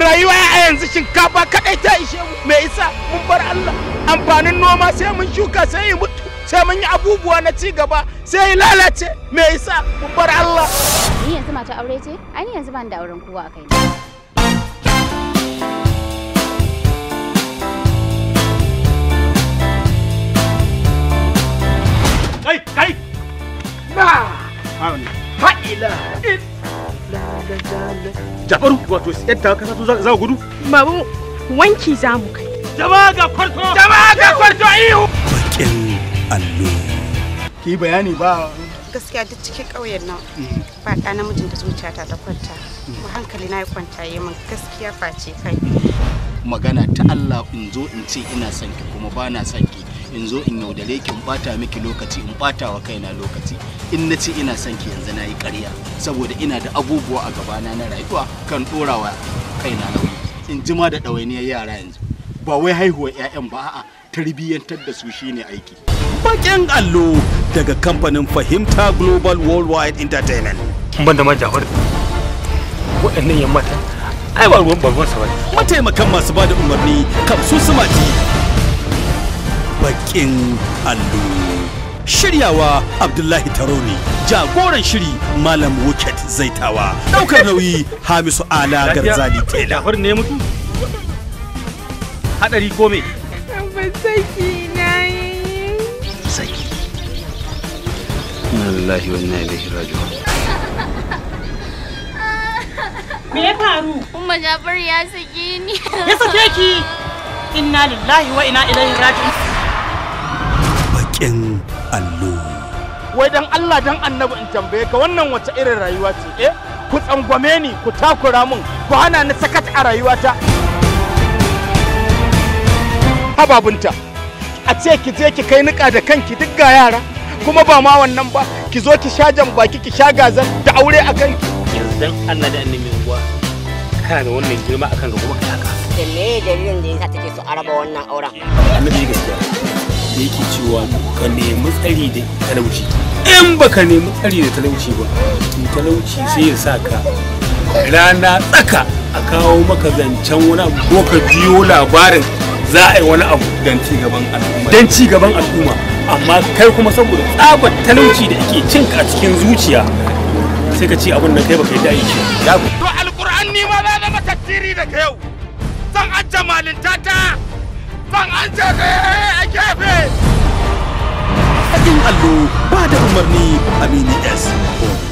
rayuwa a yanzu shinkafa kaɗai ta ishe mu me isa mun bar Allah amfanin noma sai mun shuka sai yi mutu sai mun yi abubuwa na ci gaba sai yi lalace me isa mun bar Allah ni yanzu mata aure ce ai ni yanzu ban da auren kowa a kai kai kai na ha'ila Jabaru wato yadda ka sato za gudu? Babu wanki za mu kai. Jama ga kwarto! Jama ga kwarto ihu! Bakin allo. Ki bayani ba gaskiya duk cikin ƙauyen nan ba ɗa namijin da zuciyata ta kwanta kuma hankali na ya kwanta yi min gaskiya face kai magana ta Allah in zo in ce ina sanki kuma ba na sanki. in zo in yaudare ki in bata miki lokaci in bata wa kaina lokaci in na ce ina son ki yanzu na yi ƙarya saboda ina da abubuwa a gabana na rayuwa kan ɗorawa kaina nauyi in jima da ɗawainiyar yara yanzu ba wai haihuwar 'ya'yan ba a'a tarbiyyantar da su shine aiki bakin allo daga kamfanin fahimta global worldwide entertainment ban da majawar waɗannan yan mata ai ba ruwan babban sabani mataimakan masu bada umarni su sumaji bakin allo shiryawa abdullahi taroni jagoran shiri malam wuket zaitawa daukar nauyi hamisu ala garzani tela ne mutu hadari ko me saki na yi saki na lillahi wannan ilaihi Me ya faru? Umma Jafar ya sake ni. Ya sake ki. Inna lillahi wa ina ilaihi raji'un. allo wai dan Allah dan annabi in tambaye ka wannan wace irin rayuwa ce eh ku tsangwame ni ku takura min ku hana ni sakat a rayuwata hababunta a ce ki je ki kai niƙa da kanki duk ga yara kuma ba ma wannan ba ki zo ki sha jan baki ki sha gazan da aure a kanki yanzu dan Allah da annabi uwa kana da wannan girma akan ga kuma ka. haka da dalilin da yasa take so araba wannan auren annabi gaskiya da yake cewa ka nemi tsari da talauci in ba ka nemi tsari da talauci ba talauci sai ya sa ka rana tsaka a kawo maka zancen wani abu ko ka biyo labarin za a yi wani abu don cigaban al'umma don cigaban al'umma amma kai kuma saboda tsabar talauci da ake cin ka a cikin zuciya sai ka ce abin da kai ba yi da shi to alquran ni ma na zama tafsiri da yau zan anja malinta ta zan anja gefe Haɗin allo ba da umarni Aminu S.